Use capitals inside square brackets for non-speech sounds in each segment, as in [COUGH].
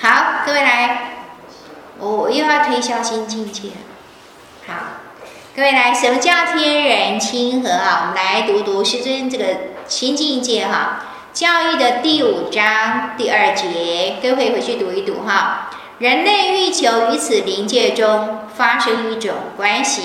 好，各位來，哦，我又要推銷新境界了。好，各位來，什麼叫天人親和啊？我們來讀讀師尊這個新境界哈，教義的第五章第二節。都可以回去讀一讀哈。人類欲求與此靈界中發生一種關係，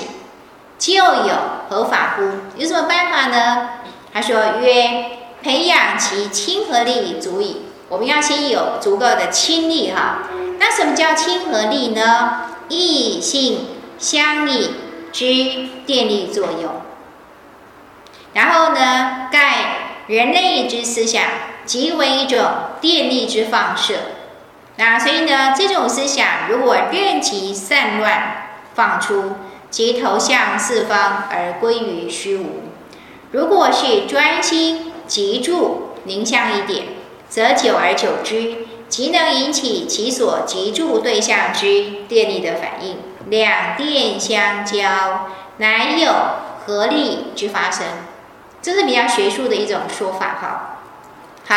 究有何法乎？有什麼辦法呢？他說：“曰，培養其親和力足矣。我們要先有足夠的親力哈。那什麼叫親和力呢？異性相引之電力作用。然後呢，蓋人類之思想。”即為一種電力之放射，那所以呢，這種思想如果任其散亂放出，即投向四方而歸於虛無；如果是專心集注凝向一點，則久而久之，即能引起其所集注對象之電力的反應。兩電相交，乃有和力之發生。這是比較學術的一種說法哈。好，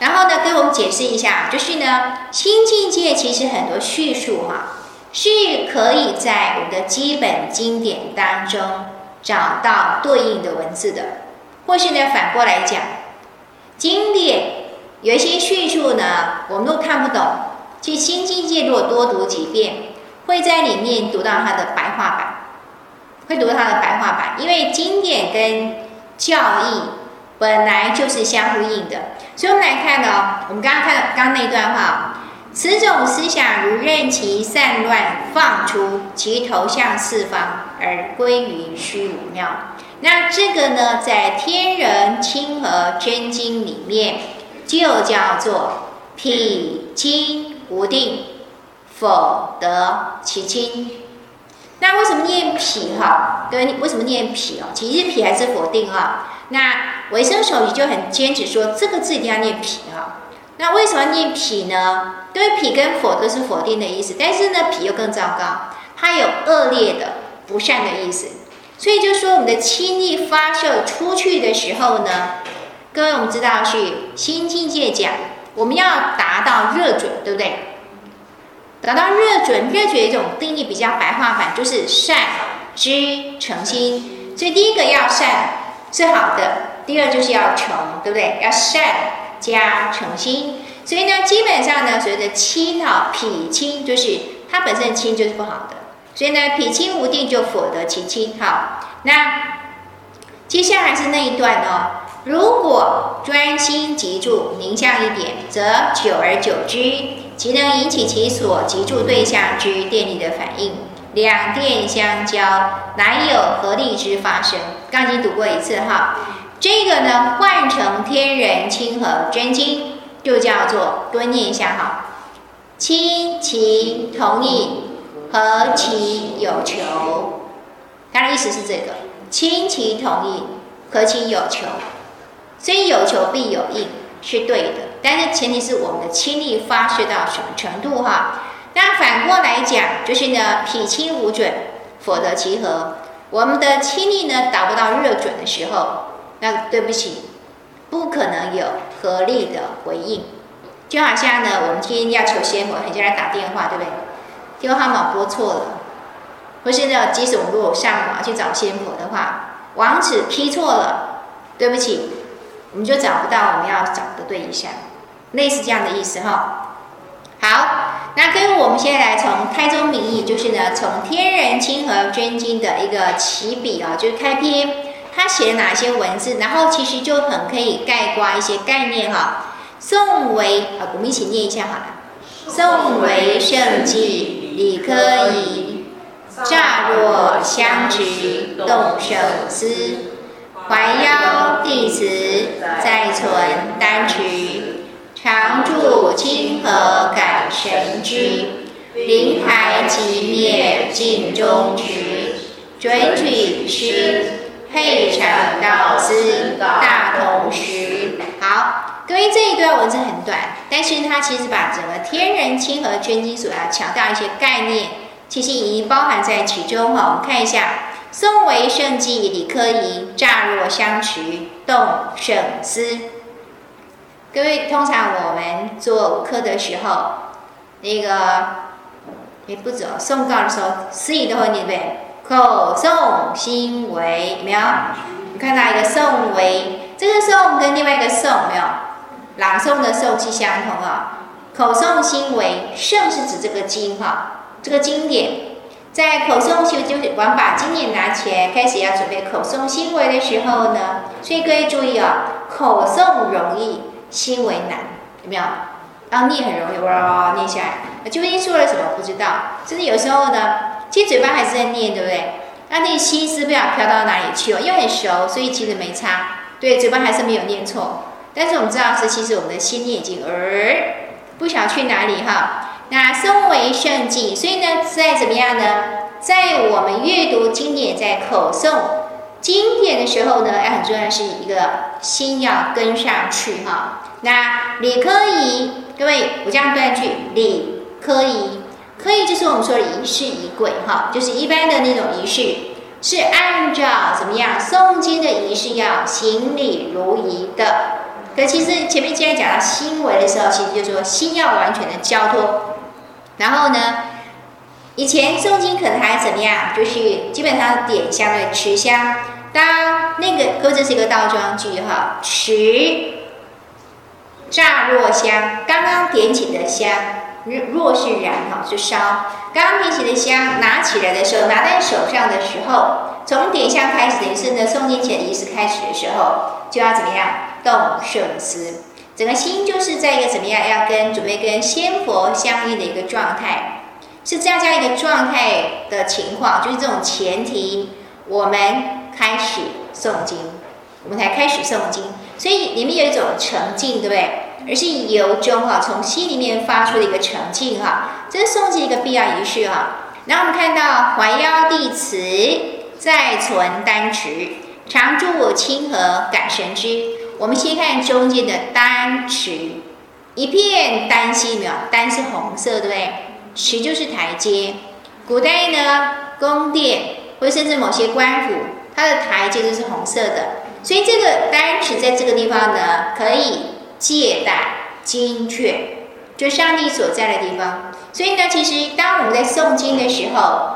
然後呢，給我們解釋一下，就是呢，新境界其實很多敘述哈，是可以在我們的基本經典當中找到對應的文字的，或是呢，反過來講，經典有一些敘述呢，我們都看不懂，其實新境界如果多讀幾遍，會在裡面讀到它的白話版，會讀到它的白話版，因為經典跟教義。本來就是相呼應的，所以我們來看呢、哦，我們剛剛看剛剛那一段話、啊，此種思想如任其散亂放出，其投向四方而歸於虛無妙。那這個呢，在天人親和真經裡面就叫做否親無定，否得其親。那為什麼念脾哈、啊？對，為什麼念脾哦、啊？其實脾還是否定啊？那。維生首席就很堅持說這個字一定要念脾啊、哦？那為什麼念脾呢？因為脾跟否都是否定的意思，但是呢，脾又更糟糕，它有惡劣的、不善的意思。所以就說我們的親力發射出去的時候呢，各位我們知道是新境界講，我們要達到熱準，對不對？達到熱準，熱準有一種定義比較白話版就是善之誠心，所以第一個要善，是好的。第二就是要窮，對不對？要善加誠心，所以呢，基本上呢，所謂的親呢，否親就是它本身親就是不好的，所以呢，否親無定，就否得其親。好，那接下來是那一段哦。如果專心集注凝向一點，則久而久之，即能引起其所集注對象之電力的反應，兩電相交，乃有和力之發生。剛已經讀過一次哈。這個呢，換成天人親和真經，就叫做多念一下哈。親其同引，和其有求，它的意思是這個：親其同引，和其有求。所以有求必有應是對的，但是前提是我們的親力發泄到什麼程度哈？但反過來講，就是呢，否親無準，否得其和。我們的親力呢，達不到熱準的時候。那對不起，不可能有和力的回應。就好像呢，我們今天要求仙佛，很先來打電話，對不對？電話號碼撥錯了。或是呢，即使我們如果上網去找仙佛的話，網址批錯了，對不起，我們就找不到我們要找的對象。類似這樣的意思哈。好，那跟我們先來從開宗明義，就是呢，從天人親和真經的一個起筆啊、哦，就是開篇。他寫了哪些文字？然後其實就很可以概括一些概念哈、哦。頌維，啊，我們一起念一下好了。頌維聖際，禮科儀，乍爇香持，動聖思，懷邀帝慈，在存丹墀，常住親和感神知，靈台寂滅靜中馳，準矩施。配闡道司，大同時， [NOISE] 好，各位這一段文字很短，但是它其實把整個天人親和、真經，所要強調一些概念，其實已經包含在其中哈。我們看一下，頌維聖際，禮科儀，乍爇香持，動聖思。各位，通常我們做五科的時候，那個也不走，誦告的時候，司儀都會念對？口誦心惟，有沒有？你們看到一個誦惟，這個誦跟另外一個誦有沒有？朗誦的誦字相同啊。口誦心惟，誦是指這個經哈，這個經典。在口誦修，就是，我們把經典拿起來，開始要準備口誦心惟的時候呢，所以各位注意啊，口誦容易，心惟難，有沒有？朗、啊、念很容易，哇哇哇念下來，那究竟說了什麼不知道，甚至有時候呢。其實嘴巴還是在念，對不對？啊、那那心思不要飄到哪裡去哦，因為很熟，所以其實沒差。對，嘴巴還是沒有念錯。但是我們知道是，其實我們的心念已經，而、呃、不想去哪裡哈。那頌維聖際，所以呢，再怎麼樣呢？在我們閱讀經典、在口誦經典的時候呢，哎，很重要的是一個心要跟上去哈。那禮科儀，各位，我這樣斷句，禮科儀。可以，就是我們說的儀式儀軌，哈，就是一般的那種儀式，是按照怎麼樣誦經的儀式要行禮如儀的。可其實前面既然講到心惟的時候，其實就是說心要完全的交托。然後呢，以前誦經可能還怎麼樣，就是基本上點香的持香，當那個，可這是一個倒裝句哈，持乍爇香，剛剛點起的香。若若是燃哈，就燒。剛剛提起的香，拿起來的時候，拿在手上的時候，從點香開始，以及順着誦經前的儀式開始的時候，就要怎麼樣，動聖思。整個心就是在一個怎麼樣，要跟準備跟仙佛相應的一個狀態，是這樣，這樣一個狀態的情況，就是這種前提，我們開始誦經，我們才開始誦經。所以裡面有一種沉靜，對不對？而是由衷哈，從心裡面發出的一個誠敬哈，這是誦經一個必要儀式哈。然後我們看到懷邀帝慈，在存丹墀，常住親和感神知。我們先看中間的丹墀，一片丹心沒有，丹是紅色，對不對？墀就是台階，古代呢宮殿或甚至某些官府，它的台階就是紅色的，所以這個丹墀在這個地方呢，可以。借貸金闕，就上帝所在的地方。所以呢，其實當我們在誦經的時候，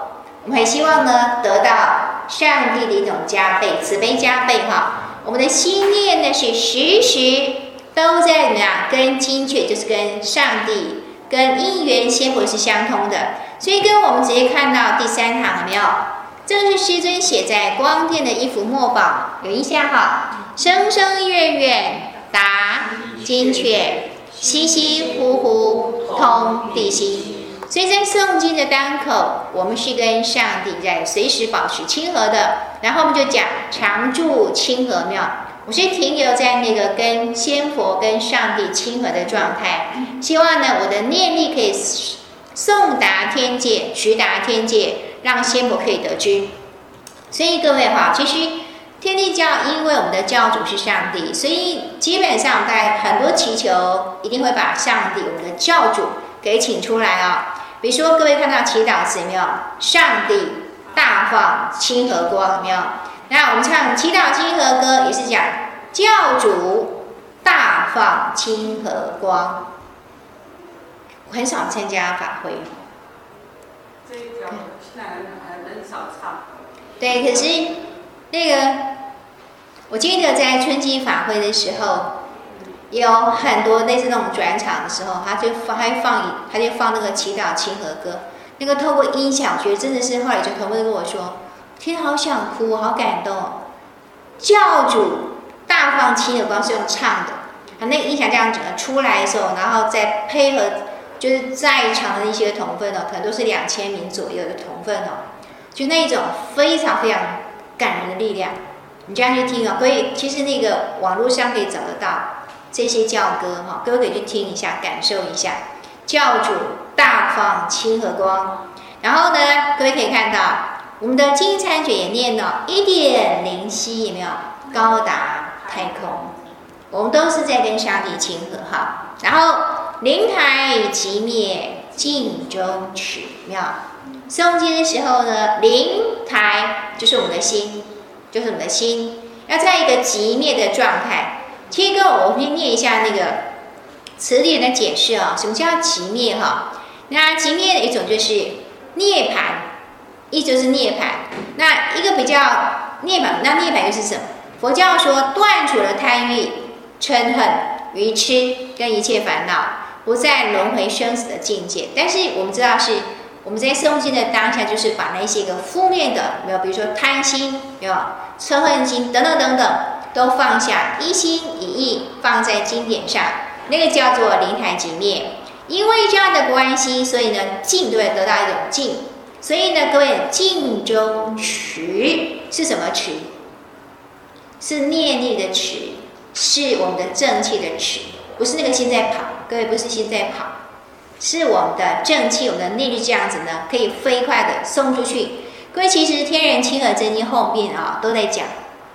我們很希望呢得到上帝的一種加倍慈悲，加倍哈。我們的心念呢是時時都在怎麼樣？跟金闕就是跟上帝、跟因緣、仙佛是相通的。所以，跟我們直接看到第三堂了沒有？這個是師尊寫在光殿的一幅墨寶，有印象哈？“聲聲願願達。”金闕，吸吸呼呼通帝心。所以在誦經的當口，我們是跟上帝在隨時保持親和的。然後我們就講常住親和廟，我先停留在那個跟仙佛、跟上帝親和的狀態。希望呢，我的念力可以送達天界，直達天界，讓仙佛可以得知。所以各位哈，其實。天地教，因為我們的教主是上帝，所以基本上在很多祈求一定會把上帝，我們的教主給請出來哦。比如說，各位看到祈禱詞有沒有？上帝大放親和光，有沒有？那我們唱祈禱親和歌也是講教主大放親和光。我很少參加法會。這一條現在還很少唱。對，可是那個。我記得在春季法會的時候，有很多類似那種轉場的時候，他就還放，他放他就放那個祈禱《親和歌》，那個透過音響，我覺得真的是後來就同分就跟我說，天，好想哭，好感動，哦。教主大放《親和光》是用唱的，啊，那個音響這樣子出來的時候，然後再配合，就是在場的一些同分呢，哦，可能都是兩千名左右的同分哦，就那種非常非常感人的力量。你這樣去聽啊、哦，可以，其實那個網絡上可以找得到這些教歌哈，各位可以去聽一下，感受一下。教主大放親和光，然後呢，各位可以看到我們的靜參訣也念到一點靈犀，有沒有高達太空？我們都是在跟上帝親和哈。然後靈臺寂滅，靜中取妙。誦經的時候呢，靈臺就是我們的心。就是我們的心，要在一個寂滅的狀態。第一個，我們先念一下那個詞典的解釋啊。什麼叫寂滅？哈，那寂滅的一種就是涅槃，一種是涅槃。那一個比較涅槃，那涅槃又是什麼？佛教說斷除了貪欲、瞋恨、愚痴跟一切煩惱，不再輪回生死的境界。但是我們知道是。我們在誦經的當下，就是把那些個負面的，沒有，比如說貪心，沒有，嗔恨心等等等等，都放下，一心一意放在經典上，那個叫做靈台寂滅。因為這樣的關係，所以呢，靜都會得到一種靜。所以呢，各位，靜中取是什麼取？是念力的取，是我們的正氣的取，不是那個心在跑。各位，不是心在跑。是我們的正氣，我們的內力，這樣子呢，可以飛快地送出去。各位，其實《天人親和真經》後面啊、哦、都在講，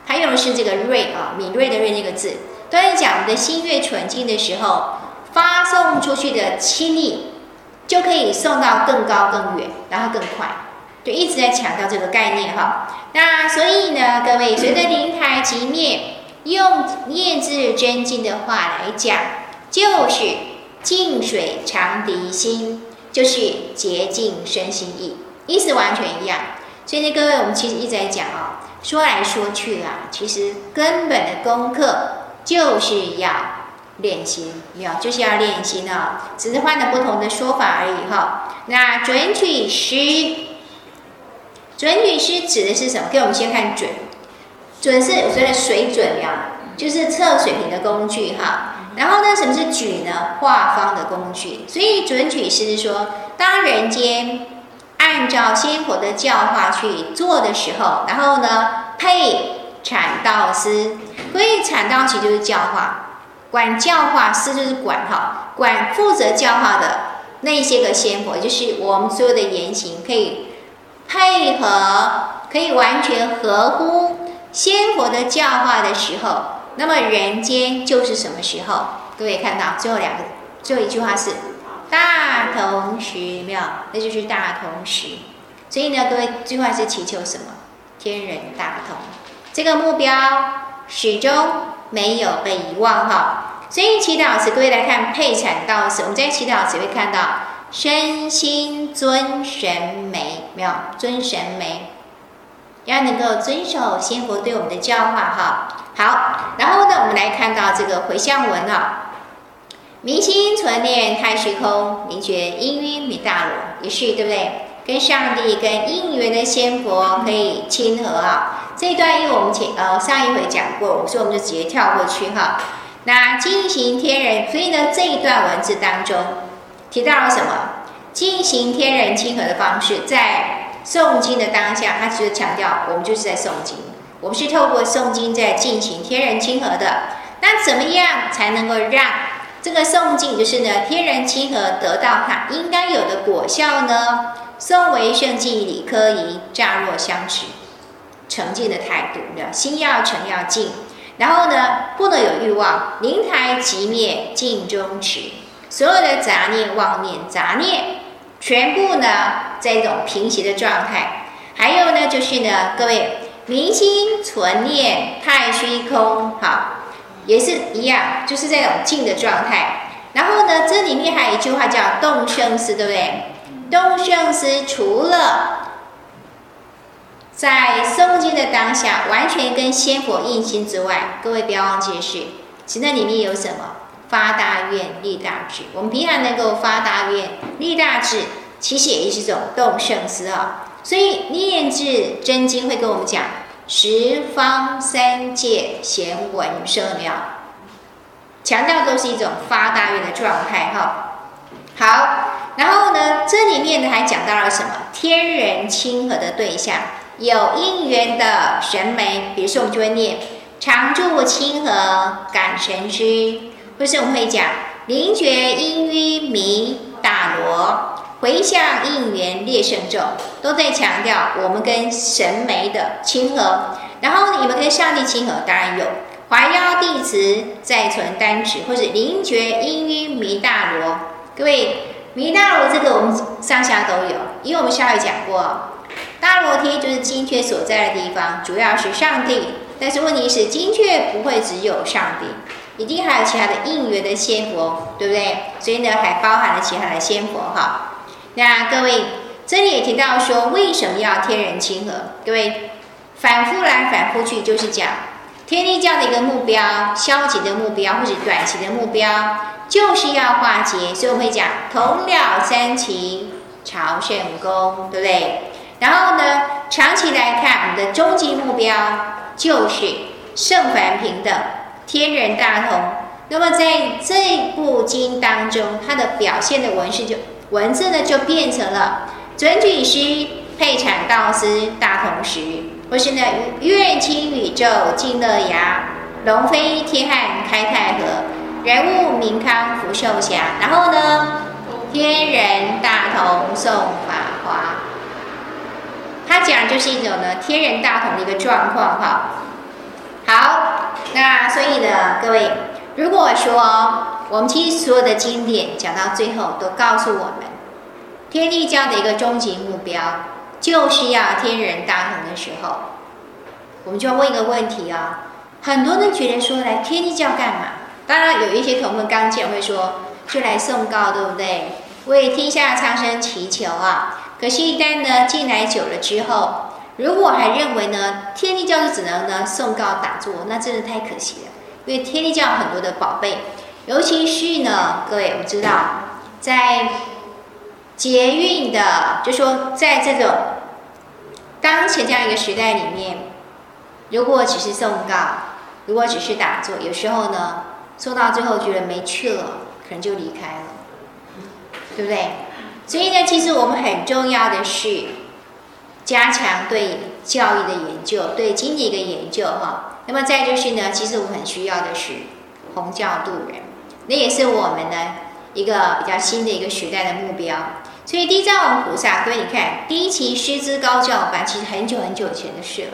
它用的是這個銳啊、哦，敏銳的銳這個字。都在講我們的心越純淨的時候，發送出去的氣力就可以送到更高更遠，然後更快。就一直在強調這個概念哈、哦。那所以呢，各位隨着靈台寂滅，用廿字真經的話來講，就是。淨水常滌心，就是潔淨身心意，意思完全一樣。所以呢，各位，我們其實一直在講啊、哦，說來說去啊，其實根本的功課就是要練心，沒有，就是要練心呢、哦，只是換了不同的說法而已哈。那準矩施，準矩施指的是什麼？給我們先看準，準是所謂的水準呀、哦，就是測水平的工具哈。然後呢，什麼是矩呢？畫方的工具。所以準矩施是說，當人間按照仙佛的教化去做的時候，然後呢，配闡道司，所以闡道其實就是教化，管教化司就是管哈管負責教化的那些個仙佛，就是我們所有的言行可以配合，可以完全合乎仙佛的教化的時候。那麼人間就是什麼時候？各位看到最後兩個，最後一句話是大同時，沒有？那就是大同時。所以呢，各位，這句話是祈求什麼？天人大同，這個目標始終沒有被遺忘哈。所以祈禱時，各位來看配闡道司，我們在祈禱時會看到身心遵神媒，沒有？遵神媒。要能夠遵守仙佛對我們的教化哈，好，然後呢，我們來看到這個回向文了，明心存念太虛空，明覺因緣彌大羅，也是對不對？跟上帝、跟因緣的仙佛可以親和啊。這一段因為我們前呃、哦、上一回講過，所以我們就直接跳過去哈。那進行天人，所以呢這一段文字當中提到了什麼？進行天人親和的方式，在。誦經的當下，他只是強調我們就是在誦經，我們是透過誦經在進行天人親和的。那怎麼樣才能夠讓這個誦經就是呢天人親和得到它應該有的果效呢？頌維聖際，禮科儀，乍爇香持。誠敬的態度，心要誠要靜，然後呢，不能有慾望，靈台寂滅，靜中馳，所有的雜念妄念、雜念。全部呢，在一種平息的狀態。還有呢，就是呢，各位明心存念太虛空，好，也是一樣，就是這種靜的狀態。然後呢，這裡面還有一句話叫“動聖思”，對不對？“動聖思”除了在誦經的當下，完全跟先佛印心之外，各位不要忘記是，其實那裡面有什麼？發大願，立大志。我們平常能夠發大願、立大志，其實也是一種動聖思啊、哦。所以《廿字真經》會跟我們講：“十方三界顯文聖妙”，強調都是一種發大願的狀態哈、哦。好，然後呢，這裡面呢還講到了什麼？天人親和的對象，有因緣的神媒，比如說我們就會念，常住親和感神知。就是，我們會講靈覺應於彌大羅，迴向應元列聖咒，都在強調我們跟神媒的親和。然後你們跟上帝親和，當然有懷邀帝慈，在存丹墀，或者是靈覺應於彌大羅。各位，彌大羅這個我們上下都有，因為我們上回講過、哦，大羅天就是金闕所在的地方，主要是上帝。但是問題是，金闕不會只有上帝。一定還有其他的應元的仙佛，對不對？所以呢，還包含了其他的仙佛哈。那各位，這裡也提到說，為什麼要天人親和？各位反覆來反覆去，就是講天帝教的一個目標，消極的目標或者短期的目標，就是要化解。所以我會講同了三期朝聖功，對不對？然後呢，長期來看，我們的終極目標就是聖凡平等，天人大同，那麼在這部經當中，它的表現的文字就文字呢，就變成了準矩施、配闡道司、大同時，或是呢願清宇宙盡樂牙龍飛天漢開太和人物明康福壽遐，然後呢天人大同頌法華，它講就是一種呢天人大同的一個狀況哈。好，那所以呢，各位，如果說我們其實所有的經典講到最後，都告訴我們，天帝教的一個終極目標，就是要天人大同的時候，我們就要問一個問題啊、哦。很多人覺得說，來天帝教幹嘛？當然有一些同門剛進會說，就來誦誥，對不對？為天下蒼生祈求啊。可是，一旦呢進來久了之後，如果我還認為呢，天帝教就只能呢誦誥打坐，那真的太可惜了。因為天帝教很多的寶貝，尤其是呢，各位我知道，在捷運的，就說在這種當前這樣一個時代裡面，如果只是誦誥，如果只是打坐，有時候呢，做到最後覺得沒趣了，可能就離開了，對不對？所以呢，其實我們很重要的是。加強對教育的研究，對經濟一個研究哈。那麼再就是呢，其實我很需要的是弘教度人，那也是我們的一個比較新的一個時代的目標。所以地藏王菩薩，所以你看，第一期師資高教班其實很久很久以前的事了。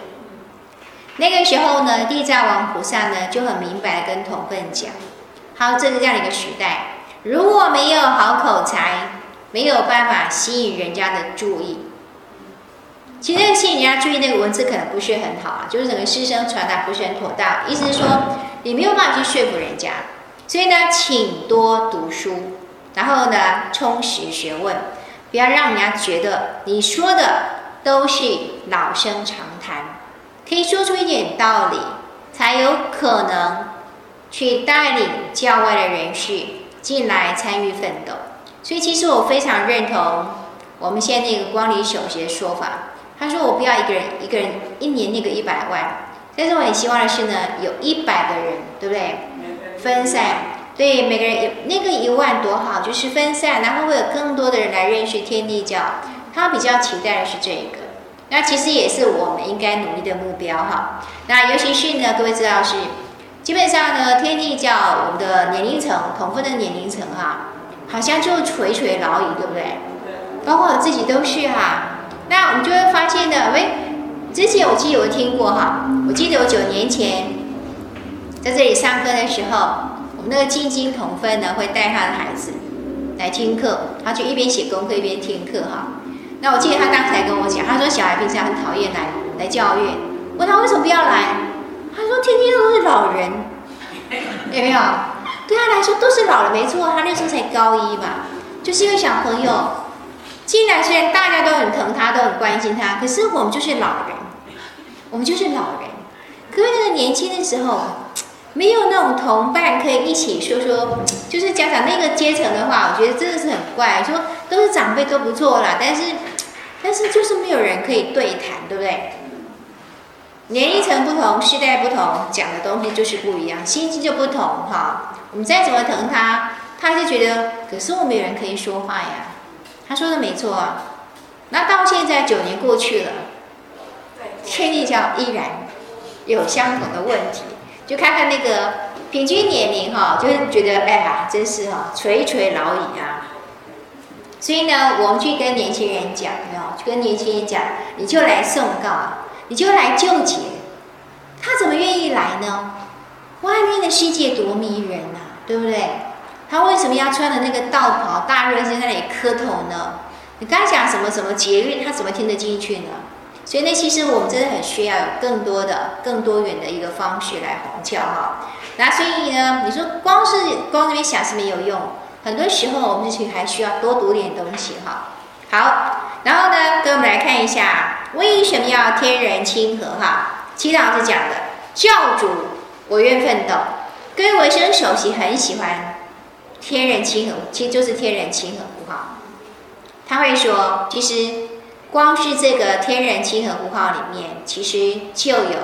那個時候呢，地藏王菩薩呢就很明白跟同奮講：好，這是這樣一個時代，如果沒有好口才，沒有辦法吸引人家的注意。其實，這個事情你要注意，那個文字可能不是很好啊，就是整個師生傳達不是很妥當。意思是說，你沒有辦法去說服人家，所以呢，請多讀書，然後呢，充實學問，不要讓人家覺得你說的都是老生常談，可以說出一點道理，才有可能去帶領教外的人士進來參與奮鬥。所以，其實我非常認同我們現在那個光理小學的說法。他說：“我不要一個人，一個人一年那個一百萬。但是我很希望的是呢，有一百個人，對不對？分散，對每個人有那個一萬多哈，就是分散，然後會有更多的人來認識天帝教。他比較期待的是這個，那其實也是我們應該努力的目標哈。那尤其是呢，各位知道是，基本上呢，天帝教我們的年齡層，同奮的年齡層哈、啊，好像就垂垂老矣，對不對？包括我自己都是哈。”那我們就會發現呢，喂，之前我記得我聽過哈，我記得我九年前在這裡上課的時候，我們那個晶晶同奮呢會帶他的孩子來聽課，他就一邊寫功課一邊聽課哈。那我記得他剛才跟我講，他說小孩平常很討厭來來教育，問他為什麼不要來，他說天天都是老人，有沒有？對他來說都是老了沒錯，他那時候才高一嘛，就是一個小朋友。既然雖然大家都很疼他，都很關心他，可是我們就是老人，我們就是老人。可是那個年輕的時候，沒有那種同伴可以一起說說，就是家長那個階層的話，我覺得真的是很怪。說都是長輩都不錯啦，但是但是就是沒有人可以對談，對不對？年齡層不同，世代不同，講的東西就是不一樣，心情就不同哈。我們再怎麼疼他，他就覺得，可是我們有人可以說話呀。他說的沒錯啊，那到現在九年過去了，天帝教依然有相同的問題。就看看那個平均年齡哈，就覺得哎呀、欸啊，真是哈、啊、垂垂老矣啊。所以呢，我們去跟年輕人講哦，去跟年輕人講，你就來誦誥啊，你就來救劫，他怎麼願意來呢？外面的世界多迷人吶、啊，對不對？他為什麼要穿的那個道袍，大熱天在那裡磕頭呢？你剛才講什麼什麼劫運，他怎麼聽得進去呢？所以，那其實我們真的很需要有更多的、更多元的一個方式來弘教哈。那所以呢，你說光是光那邊想是沒有用，很多時候我們其實還需要多讀點東西哈。好，然後呢，跟我們來看一下為什麼要天人親和哈？齊老師講的教主，我願奮鬥，跟維生首席很喜歡。天人親和，其實就是天人親和呼號。他會說，其實光是這個天人親和呼號裡面，其實就有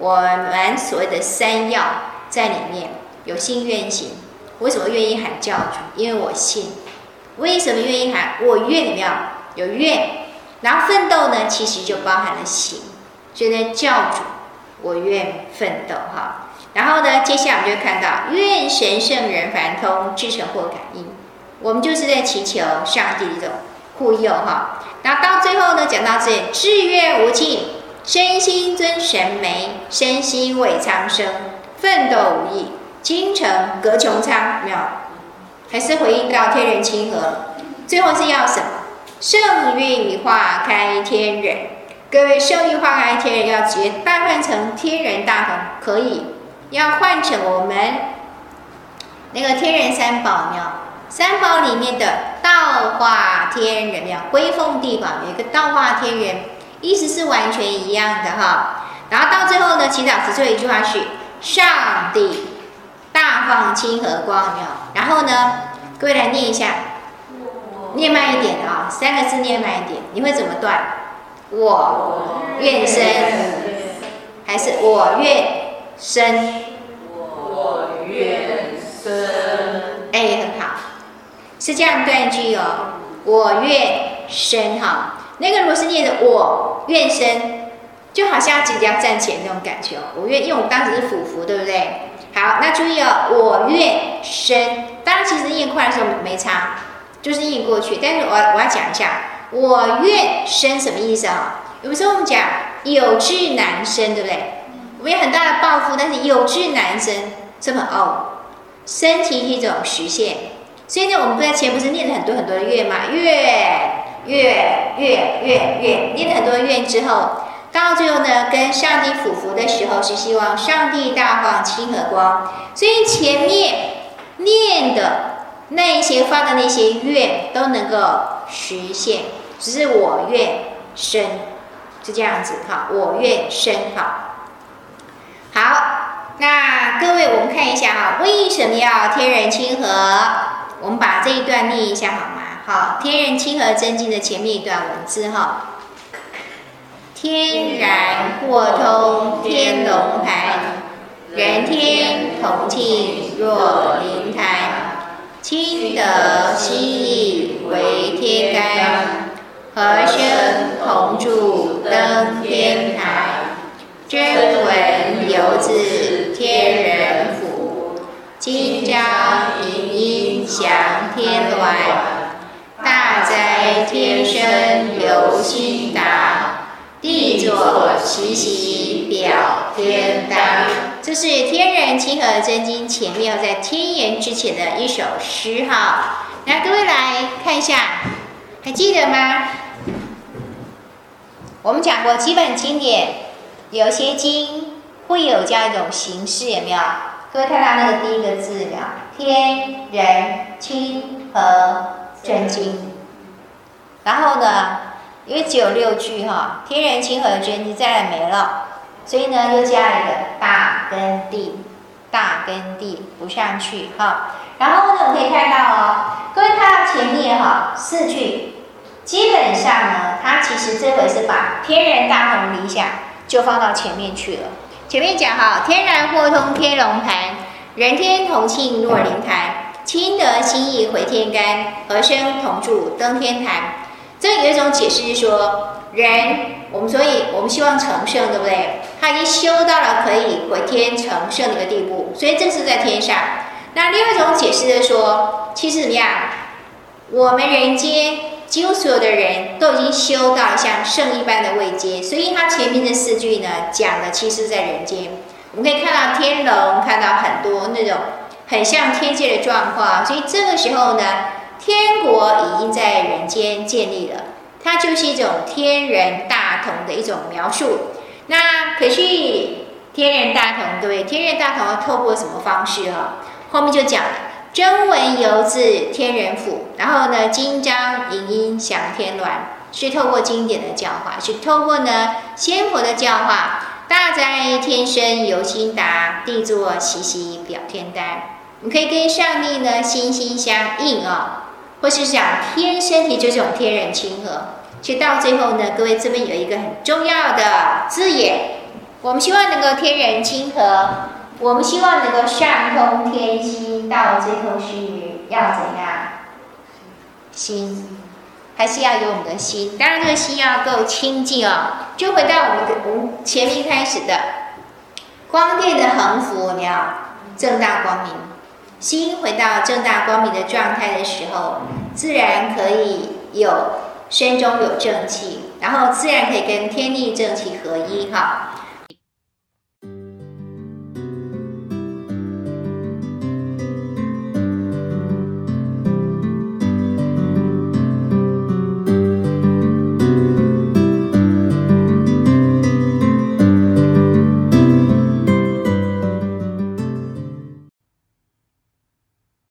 我們所謂的三要在裡面，有信願行。為什麼願意喊教主？因為我信。為什麼願意喊？我願裡面有，有願，然後奮鬥呢？其實就包含了行。所以呢，教主，我願奮鬥哈。然後呢，接下來我們就會看到願神聖人凡通志誠或感應，我們就是在祈求上帝這種護佑哈。那到最後呢，講到這裡至願無盡，身心遵神媒，身心為蒼生奮鬥無益，精誠格穹蒼沒有？還是回應到天人親和。最後是要什麼？聖運化開天人，各位聖運化開天人要結，代換成天人大同可以。要換成我們那個天人三寶廟，三寶裡面的道化天人廟、歸奉地方有一個道化天人，意思是完全一樣的哈。然後到最後呢，祈禱詞最後一句話是上帝大放親和光，沒有，然後呢，各位來念一下，念慢一點啊、哦，三個字念慢一點，你會怎麼斷？我願生，還是我願？生，我願伸。哎，也很好，是這樣斷句哦。我願伸哈，那個如果是念的我願伸，就好像要即將站起來那種感覺，哦。我願，因為我們當時是俯伏，對不對？好，那注意哦，我願伸。當然，其實念快的時候沒差，就是念過去。但是我要我要講一下，我願伸什麼意思啊？有時候我們講有志難伸，對不對？我們有很大的抱負，但是有志難伸，這麼傲，哦，身體是一種實現。所以呢，我們剛才前不是念了很多很多的願嘛？願願願願願，念了很多的願之後，到最後呢，跟上帝祝福的時候是希望上帝大放親和光，所以前面念的那一些發的那些願都能夠實現，只是我願伸，就這樣子哈，我願伸哈。好，那各位，我們看一下哈，為什麼要天人親和？我們把這一段念一下好嗎？好，天人親和真經的前面一段文字哈：天然豁通天龍蟠，人天同慶爇靈檀，親德新異迴天乾，和聲同祝登天壇。真文由自天人府，經章吟音翔天鸞。大哉天申由心達，帝座息息表天丹。這是《天人親和真經》前面要在天言之前的一首詩哈。來，各位來看一下，還記得嗎？我們講過幾本經典？有些經會有這樣一種形式，有沒有？各位看到那個第一個字沒有？天人親和真經。天然後呢，因為只有六句哈，天人親和真經再也沒了，所以呢，又加了一個大跟帝，大跟帝不上去哈。然後呢，我們可以看到哦，各位看到前面哈、哦、四句，基本上呢，它其實這回是把天人大同理想。就放到前面去了。前面講哈，天然豁通天龍蟠，人天同慶爇靈檀，親德心得新異迴天干，和聲同祝登天壇。這有一種解釋是說，人我們所以我們希望成聖，對不對？他已經修到了可以回天成聖的一個地步，所以這是在天上。那另外一種解釋是說，其實怎麼樣？我們人間。幾乎所有的人都已經修到像聖一般的位階，所以他前面的四句呢，講了其實在人間，我們可以看到天龍，看到很多那種很像天界的狀況，所以這個時候呢，天國已經在人間建立了，它就是一種天人大同的一種描述。那可是天人大同，對，天人大同要透過什麼方式啊？後面就講了。真文由自天人府，然後呢，經章吟音翔天鸞，是透過經典的教化，是透過呢仙佛的教化。大哉天申由心達，帝座息息表天丹。我們可以跟上帝呢心心相應啊、哦，或是想天生，體就這種天人親和。其實到最後呢，各位這邊有一個很重要的字眼，我們希望能夠天人親和。我們希望能夠上通天心，到最後是要怎樣？心，還是要有我們的心。當然，這個心要夠清靜哦。就回到我們的前面開始的光電的橫幅，我們要正大光明。心回到正大光明的狀態的時候，自然可以有身中有正氣，然後自然可以跟天地正氣合一哈。哦